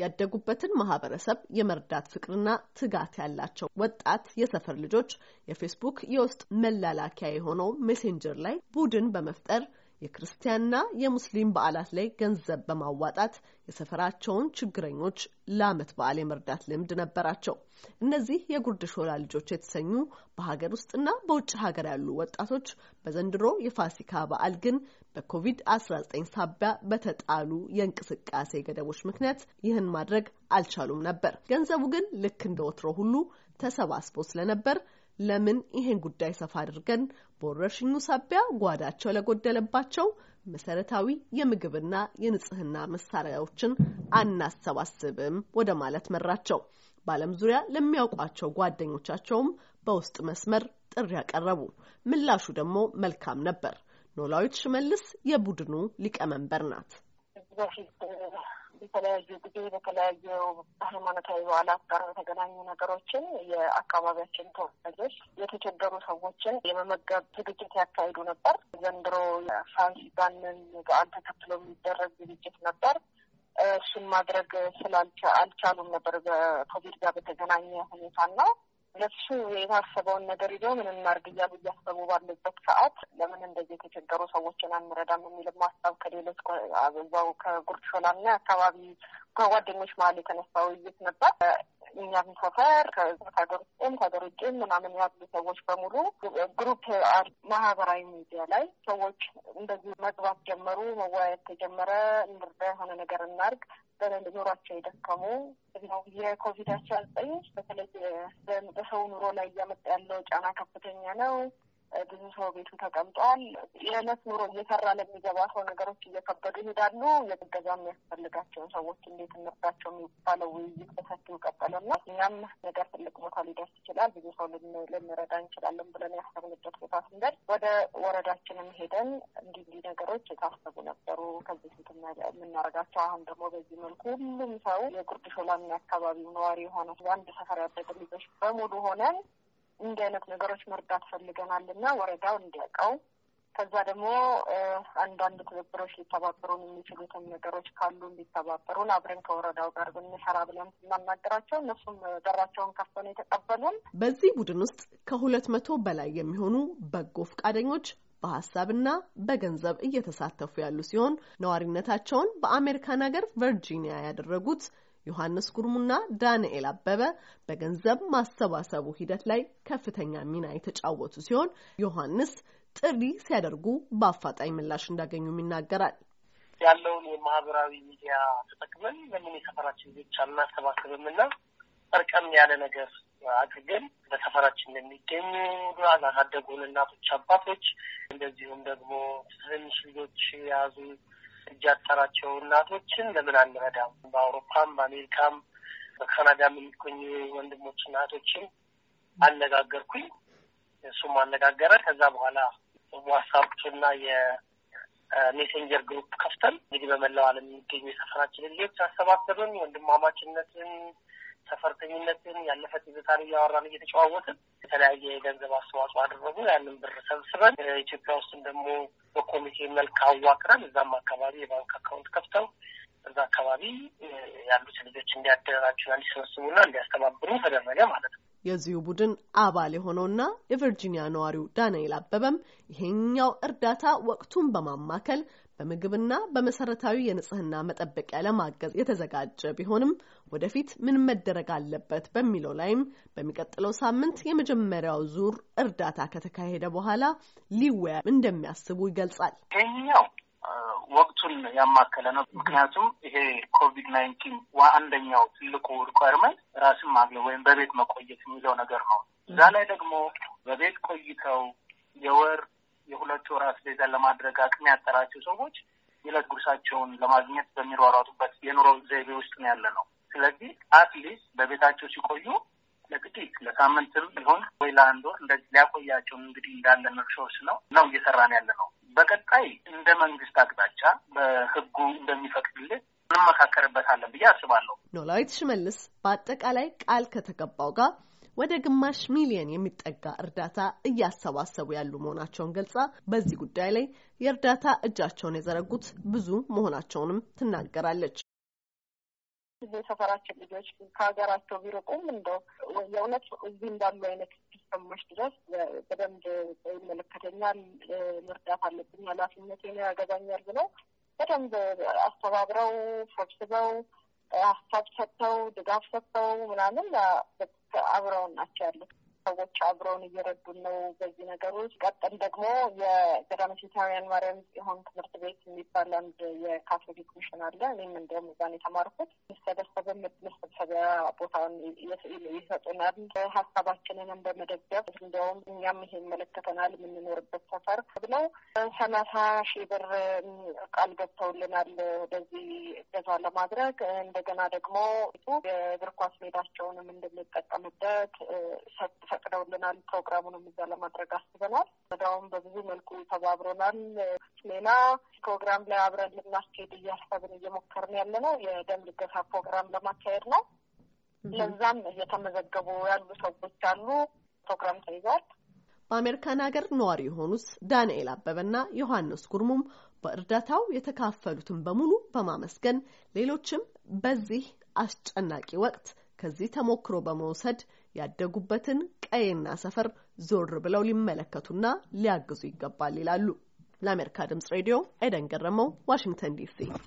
ያደጉበትን ማህበረሰብ የመርዳት ፍቅርና ትጋት ያላቸው ወጣት የሰፈር ልጆች የፌስቡክ የውስጥ መላላኪያ የሆነው ሜሴንጀር ላይ ቡድን በመፍጠር የክርስቲያንና የሙስሊም በዓላት ላይ ገንዘብ በማዋጣት የሰፈራቸውን ችግረኞች ለዓመት በዓል የመርዳት ልምድ ነበራቸው። እነዚህ የጉርድ ሾላ ልጆች የተሰኙ በሀገር ውስጥና በውጭ ሀገር ያሉ ወጣቶች በዘንድሮ የፋሲካ በዓል ግን በኮቪድ-19 ሳቢያ በተጣሉ የእንቅስቃሴ ገደቦች ምክንያት ይህን ማድረግ አልቻሉም ነበር። ገንዘቡ ግን ልክ እንደ ወትሮ ሁሉ ተሰባስቦ ስለነበር ለምን ይሄን ጉዳይ ሰፋ አድርገን በወረርሽኙ ሳቢያ ጓዳቸው ለጎደለባቸው መሰረታዊ የምግብና የንጽህና መሳሪያዎችን አናሰባስብም ወደ ማለት መራቸው። በዓለም ዙሪያ ለሚያውቋቸው ጓደኞቻቸውም በውስጥ መስመር ጥሪ ያቀረቡ፣ ምላሹ ደግሞ መልካም ነበር። ኖላዊት ሽመልስ የቡድኑ ሊቀመንበር ናት። የተለያዩ ጊዜ በተለያዩ ሃይማኖታዊ በዓላት ጋር በተገናኙ ነገሮችን የአካባቢያችን ተወላጆች የተቸገሩ ሰዎችን የመመገብ ዝግጅት ያካሂዱ ነበር። ዘንድሮ የፋሲካንን በዓል ተከትሎ የሚደረግ ዝግጅት ነበር። እሱን ማድረግ አልቻሉም ነበር በኮቪድ ጋር በተገናኘ ሁኔታ ነው። እነሱ የታሰበውን ነገር ይዞ ምንም ማድረግ እያሉ እያሰቡ ባለበት ሰዓት ለምን እንደዚህ የተቸገሩ ሰዎችን አንረዳም የሚልም ሀሳብ ከሌሎች ዛው ከጉርድ ሾላ አካባቢ ከጓደኞች መሀል የተነሳ ውይይት ነበር። እኛም ሰፈር ከሀገር ውስጥም ከሀገር ውጭም ምናምን ያሉ ሰዎች በሙሉ ግሩፕ ማህበራዊ ሚዲያ ላይ ሰዎች እንደዚህ መግባት ጀመሩ፣ መወያየት ተጀመረ። እንርዳ፣ የሆነ ነገር እናርግ በደንብ ኑሯቸው የደከሙ ነው። የኮቪድ አስራ ዘጠኝ በተለይ በሰው ኑሮ ላይ እያመጣ ያለው ጫና ከፍተኛ ነው። ብዙ ሰው ቤቱ ተቀምጧል። የዕለት ኑሮ እየሰራ ለሚገባ ሰው ነገሮች እየከበዱ ይሄዳሉ። የገዛ የሚያስፈልጋቸውን ሰዎች እንዴት እንርዳቸው የሚባለው ውይይት በሰፊው ቀጠለና እኛም ነገር ትልቅ ቦታ ሊደርስ ይችላል፣ ብዙ ሰው ልንረዳ እንችላለን ብለን ያሰብንበት ቦታ ስንደርስ ወደ ወረዳችንም ሄደን እንዲህ እንዲህ ነገሮች የታሰቡ ነበሩ ከዚህ ፊት የምናደርጋቸው አሁን ደግሞ በዚህ መልኩ ሁሉም ሰው የጉርድ ሾላና አካባቢው ነዋሪ የሆነ አንድ ሰፈር ያደገ ልጆች በሙሉ ሆነን እንዲህ አይነት ነገሮች መርዳት ፈልገናል እና ወረዳው እንዲያውቀው ከዛ ደግሞ አንዳንድ ትብብሮች ሊተባበሩን የሚችሉትን ነገሮች ካሉ እንዲተባበሩን አብረን ከወረዳው ጋር ብንሰራ ብለን ስናናገራቸው እነሱም በራቸውን ከፍቶ ነው የተቀበሉን። በዚህ ቡድን ውስጥ ከሁለት መቶ በላይ የሚሆኑ በጎ ፈቃደኞች በሀሳብና በገንዘብ እየተሳተፉ ያሉ ሲሆን ነዋሪነታቸውን በአሜሪካን ሀገር ቨርጂኒያ ያደረጉት ዮሐንስ ጉርሙና ዳንኤል አበበ በገንዘብ ማሰባሰቡ ሂደት ላይ ከፍተኛ ሚና የተጫወቱ ሲሆን ዮሐንስ ጥሪ ሲያደርጉ በአፋጣኝ ምላሽ እንዳገኙም ይናገራል። ያለውን የማህበራዊ ሚዲያ ተጠቅመን ለምን የሰፈራችን ልጆች አናሰባስብም እና እርቀም ያለ ነገር አድርገን በሰፈራችን ለሚገኙ ላሳደጉን እናቶች፣ አባቶች እንደዚሁም ደግሞ ትንሽ ልጆች የያዙ ያጠራቸው እናቶችን ለምን አንረዳም? በአውሮፓም በአሜሪካም በካናዳም የሚገኙ ወንድሞች እናቶችን አነጋገርኩኝ። እሱም አነጋገረ። ከዛ በኋላ ዋትስአፕና የሜሴንጀር ግሩፕ ከፍተን እንግዲህ በመላው ዓለም የሚገኙ የሰፈራችን ልጆች አሰባሰብን። ወንድማማችነትን ሰፈርተኝነትን፣ ያለፈ ትዝታን እያወራን እየተጨዋወትን የተለያየ የገንዘብ አስተዋጽኦ አደረጉ። ያንን ብር ሰብስበን ኢትዮጵያ ውስጥም ደግሞ በኮሚቴ መልክ አዋቅረን እዛም አካባቢ የባንክ አካውንት ከፍተው እዛ አካባቢ ያሉት ልጆች እንዲያደራጁና እንዲሰበስቡና እንዲያስተባብሩ ተደረገ ማለት ነው። የዚሁ ቡድን አባል የሆነውና የቨርጂኒያ ነዋሪው ዳንኤል አበበም ይሄኛው እርዳታ ወቅቱን በማማከል በምግብና በመሰረታዊ የንጽህና መጠበቂያ ለማገዝ የተዘጋጀ ቢሆንም ወደፊት ምን መደረግ አለበት በሚለው ላይም በሚቀጥለው ሳምንት የመጀመሪያው ዙር እርዳታ ከተካሄደ በኋላ ሊወያ እንደሚያስቡ ይገልጻል። ይሄኛው ወቅቱን ያማከለ ነው። ምክንያቱም ይሄ ኮቪድ ናይንቲን አንደኛው ትልቁ ሪኳርመንት ራስን ማግለ ወይም በቤት መቆየት የሚለው ነገር ነው። እዛ ላይ ደግሞ በቤት ቆይተው የወር የሁለት ወር አስቤዛ ለማድረግ አቅም ያጠራቸው ሰዎች የዕለት ጉርሳቸውን ለማግኘት በሚሯሯጡበት የኑሮ ዘይቤ ውስጥ ነው ያለ ነው። ስለዚህ አትሊስት በቤታቸው ሲቆዩ ለጥቂት ለሳምንትም ቢሆን ወይ ለአንድ ወር እንደዚህ ሊያቆያቸውን እንግዲህ እንዳለ ነርሾስ ነው ነው እየሰራን ያለ ነው። በቀጣይ እንደ መንግስት አቅጣጫ በህጉ እንደሚፈቅድልን እንመካከርበታለን ብዬ አስባለሁ። ኖላዊት ሽመልስ በአጠቃላይ ቃል ከተገባው ጋር ወደ ግማሽ ሚሊየን የሚጠጋ እርዳታ እያሰባሰቡ ያሉ መሆናቸውን ገልጻ በዚህ ጉዳይ ላይ የእርዳታ እጃቸውን የዘረጉት ብዙ መሆናቸውንም ትናገራለች። የሰፈራችን ልጆች ከሀገራቸው ቢርቁም እንደው የእውነት እዚህ እንዳሉ አይነት እስኪሰማሽ ድረስ በደንብ ይመለከተኛል፣ መርዳት አለብኝ፣ ኃላፊነቴን ያገባኛል ብለው በደንብ አስተባብረው ሰብስበው ሀሳብ ሰጥተው ድጋፍ ሰጥተው ምናምን አብረውን ናቸው ያሉት። ሰዎች አብረውን እየረዱን ነው በዚህ ነገሮች። ቀጥል ደግሞ የገዳመሴታውያን ማርያም ጽዮን ትምህርት ቤት የሚባል አንድ የካቶሊክ ሚሽን አለ። እኔም እንዲያውም እዛን የተማርኩት ሰበሰበ መሰብሰቢያ ቦታውን ይሰጡናል። ሀሳባችንንም በመደገፍ እንዲያውም እኛም ይሄ ይመለከተናል የምንኖርበት ሰፈር ብለው ሰላሳ ሺ ብር ቃል ገብተውልናል ወደዚህ እገዛ ለማድረግ እንደገና ደግሞ የእግር ኳስ ሜዳቸውንም እንድንጠቀምበት ፈቅደውልናል። ፕሮግራሙንም እዛ ለማድረግ አስበናል። ወዳውም በብዙ መልኩ ተባብሮናል። ሌላ ፕሮግራም ላይ አብረን ልናስኬድ እያሰብን እየሞከርን ያለ ነው። የደም ልገሳ ፕሮግራም ለማካሄድ ነው። ለዛም እየተመዘገቡ ያሉ ሰዎች አሉ። ፕሮግራም ተይዟል። በአሜሪካን ሀገር ነዋሪ የሆኑት ዳንኤል አበበና ዮሐንስ ጉርሙም በእርዳታው የተካፈሉትን በሙሉ በማመስገን ሌሎችም በዚህ አስጨናቂ ወቅት ከዚህ ተሞክሮ በመውሰድ ያደጉበትን ቀይና ሰፈር ዞር ብለው ሊመለከቱና ሊያግዙ ይገባል ይላሉ። ለአሜሪካ ድምጽ ሬዲዮ ኤደን ገረመው፣ ዋሽንግተን ዲሲ